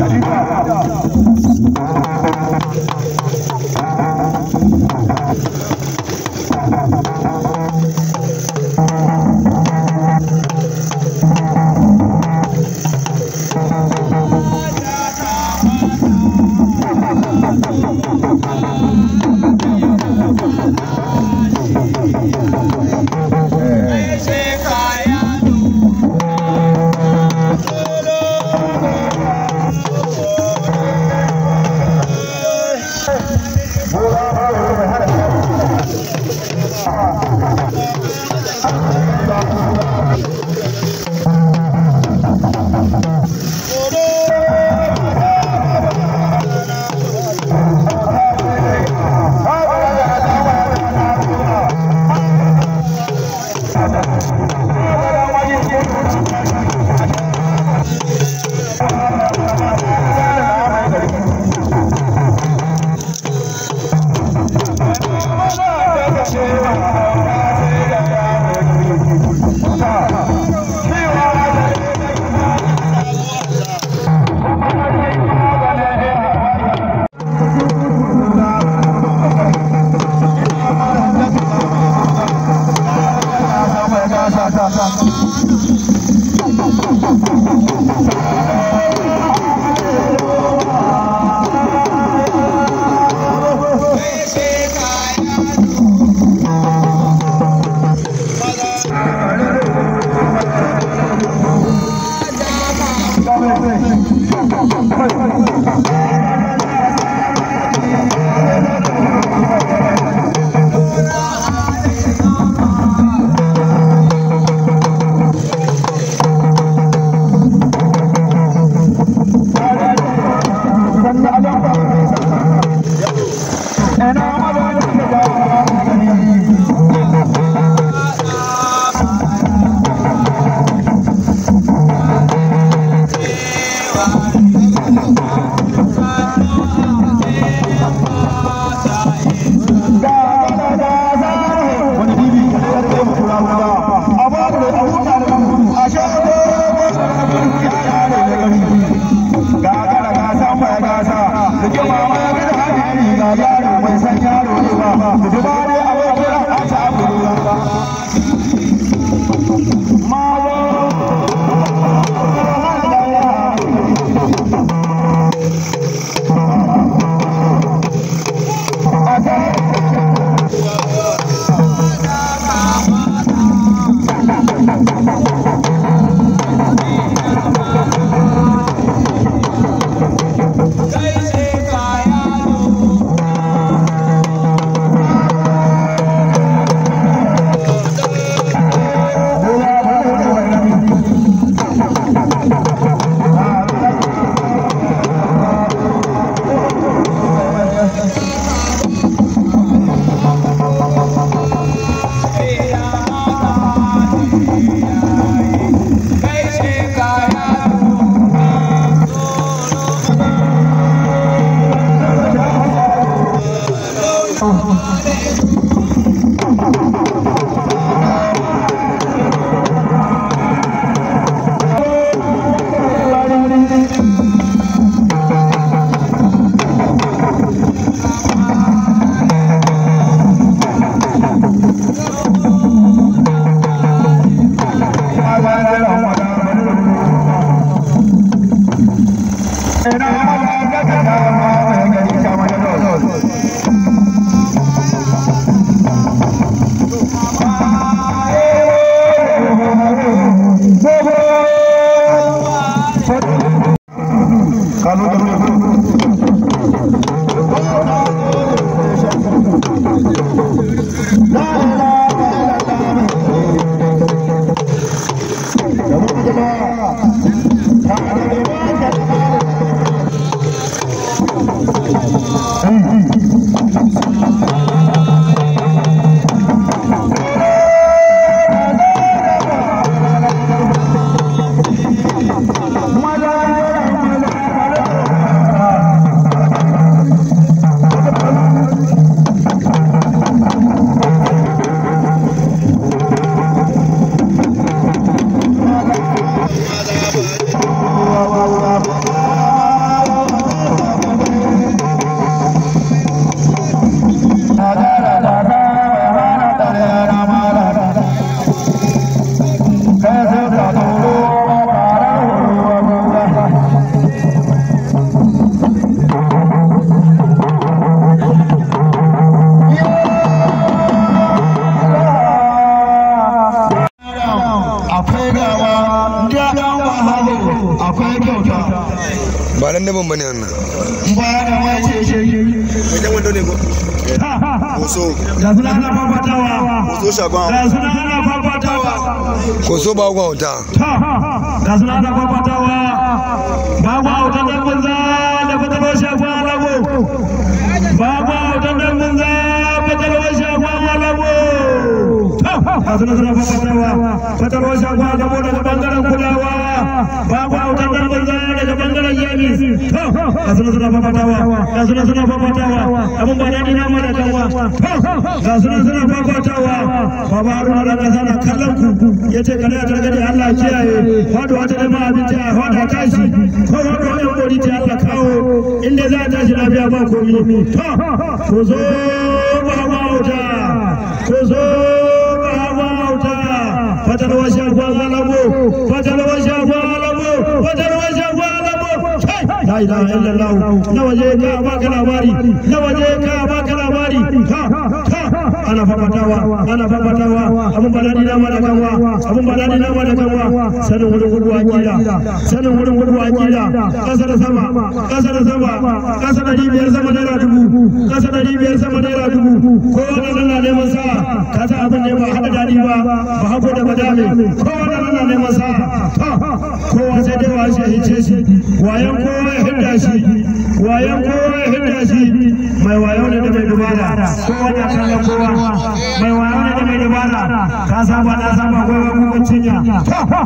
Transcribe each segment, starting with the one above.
Thank you. Thank you. shagon ko so ba gwa wuta ga suna da kwakwatawa ba gwa wuta dan banza da fatalwar shagon alago ba gwa wuta dan banza fatalwar shagon alago ga suna suna kwakwatawa fatalwar shagon alago daga bangaren kulawa ba gwa wuta dan banza yaƙi ga suna suna fafatawa ga suna suna kiyaye faduwa a fada tashi inda za a tashi lafiya ba komi shagwa la ilaha illallah nawa je ka baka labari na waje ka baka labari ha ha ana fafatawa ana fafatawa abun ba daɗi nama da kanwa abun ba daɗi nama da kanwa sanin wurin gudu a kila sanin wurin gudu a kila ƙasa da sama ƙasa da sama ƙasa da biyar sama naira dubu ƙasa da biyar sama naira dubu ko wani na neman sa ka sa abin ne ba haɗa daɗi ba ba hako da madame ko wani na neman sa kowa sai dai wa shi hice shi wayan kowa ya hidda shi wayan kowa ya hidda shi mai wayo ne da mai dubara kowa na kallon kowa mai wayo da mai dabara ka saba da saba kai wai kuka cinya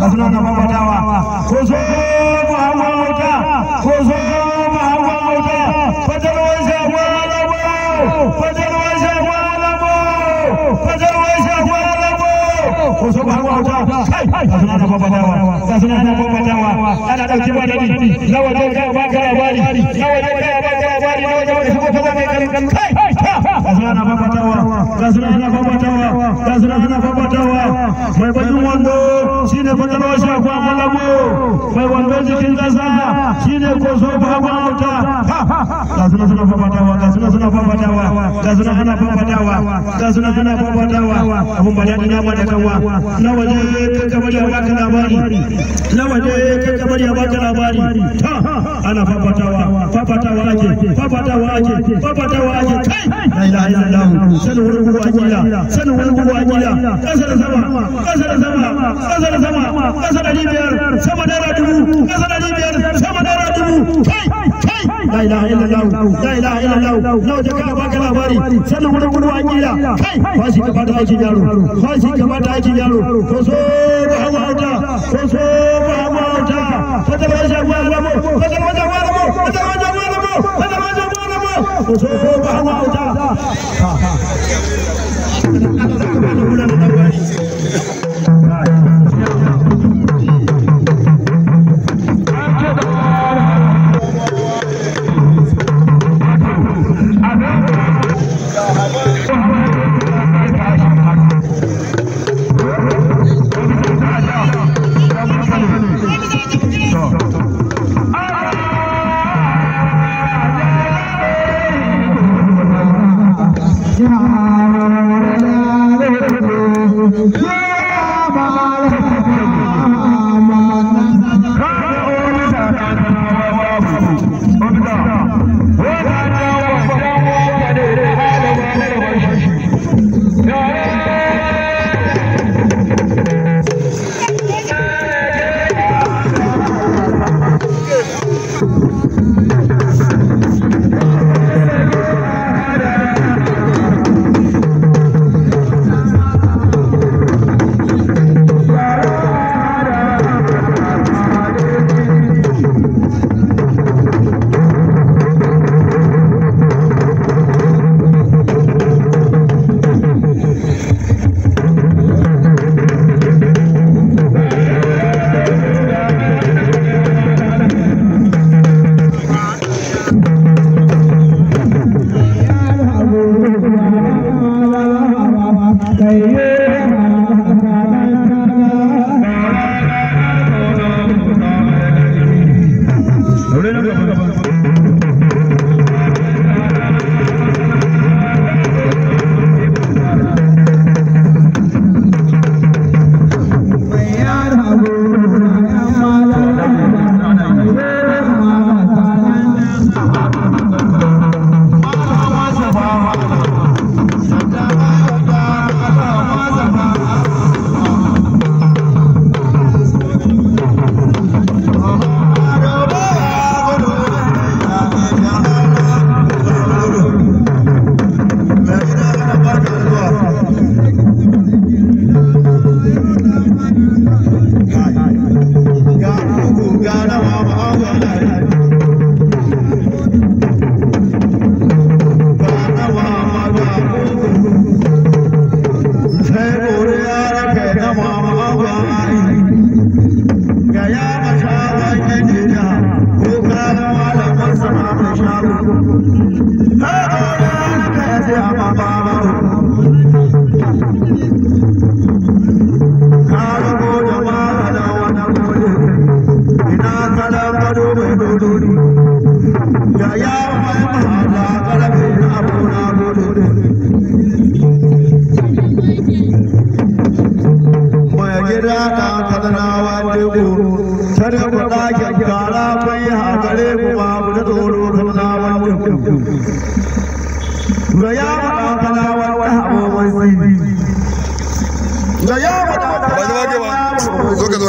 ka suna da babatawa ko so mu hawa wuta ko so mu hawa wuta fadarwar shagwa alamo fadarwar shagwa alamo fadarwar shagwa alamo ko so mu hawa wuta kai suna da babatawa ka suna da babatawa ana dauki ba dadi nawa ka ba labari nawa dai ka labari ka labari ana fafatawa ga suna ana fafatawa ga suna ana fafatawa mai bakin wando shine fatalwa shakwa alamo mai wando jikin kasa shine koso babu auta ga suna suna fafatawa ga suna suna fafatawa ga suna ana fafatawa ga suna ana fafatawa abun ba daɗi na mata kawa. na waje ka kamar ya baka labari na waje ka kamar ya baka labari ana fafatawa fafatawa ake fafatawa ake fafatawa ake kai illallah sanwar gugu ajila sanwar gugu ajila kasar sama kasar sama kasar sama kasar dari biyar sama dara dubu kasar dari biyar sama dara dubu kai kai la ilaha illallah la ilaha illallah nawa da ka baka labari sanwar gugu ajila kai kwashi ka bada aikin yaro kwashi ka bada aikin yaro ko so ba hawa ko so ba hawa ta ta ba shi gwa ko ta ba ta gwa gwa ta 我宣我，马龙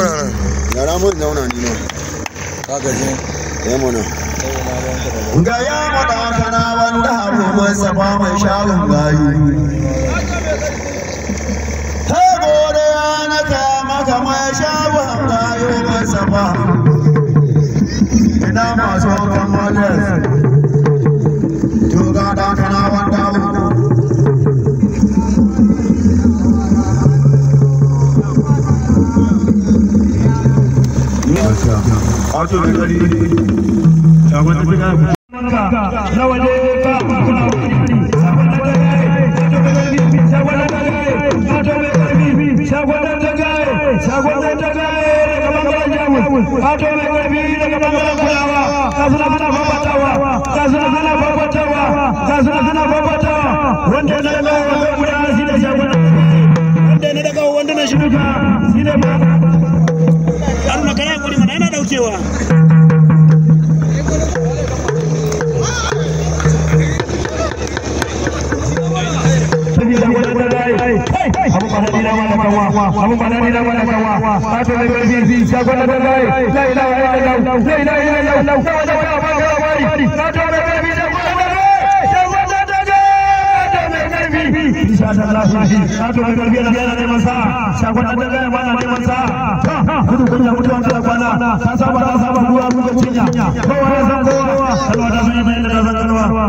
zauna nan yara mun zauna ni nan ka gaje ya mana ga ya mada kana wanda hafu mun mai shawun gayu ta gore ya na kama kama ya shawun gayu mun safa ina to ga da kana wanda wato da kari ta wata daga na waje ba kawa abu bana ni da ta saba ta saba ruwa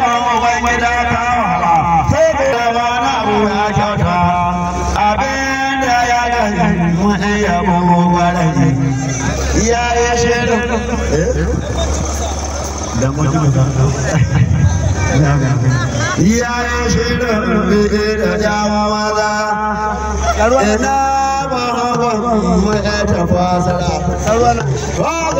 da shirin bege da jawa maza ina ba ya tafasa da ko da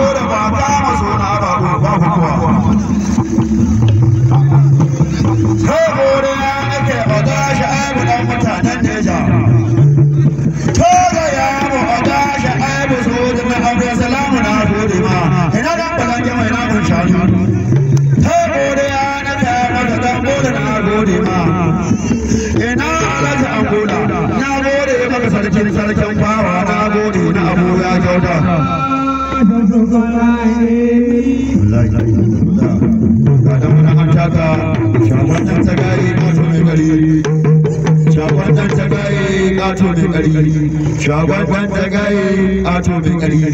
我的话，咱们说哪把火，把火火 ga da muna mataka shagon dan tagayi kato mai gari shagon dan tagayi kato mai gari shagon dan tagayi kato mai gari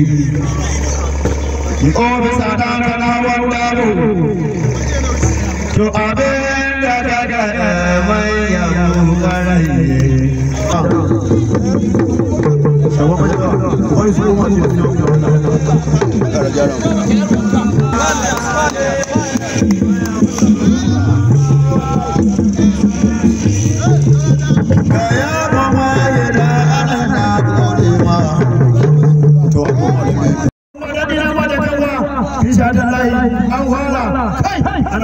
ko bisa dan kana wanda to abin da daga mai yamu barai Wani su kuma ne da wani wani wani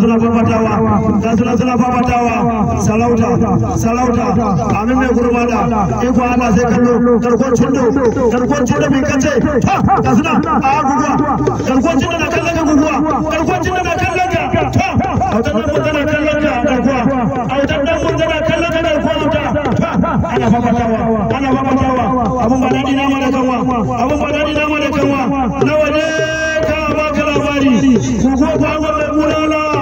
suna suna fafatawa ga suna suna fafatawa salauta salauta amin mai gurba da iko ana sai kallo garkon cindo garkon cindo mai kace ha suna a guguwa garkon cindo na kallon ka guguwa garkon cindo na kallon ka autan nan mutum na kallon ka garkuwa autan nan mutum na kallon ka garkuwa auta ana fafatawa ana fafatawa abun ba daɗi na mana kanwa abun ba daɗi na mana kanwa nawa ne ka baka labari guguwa ta gwamnati bulala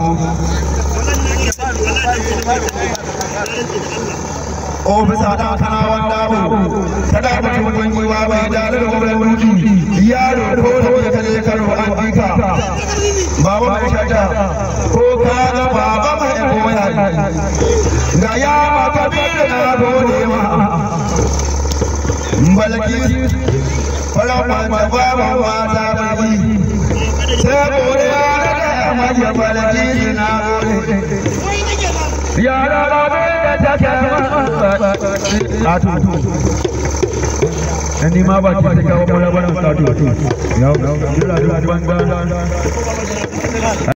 Obisa ta kanawan damu Sada ta cikin yiwa mai dalil gobe ruji Yaro ko da wani kaje karo an jika Baba mai shata ko ka ga baba mai komai hali Ga ya ma kabiru na gode ma Balki Fara kwanta baban wata bai kashe falaki na gore ba da take ba a tutu ni ma ba ki ta ba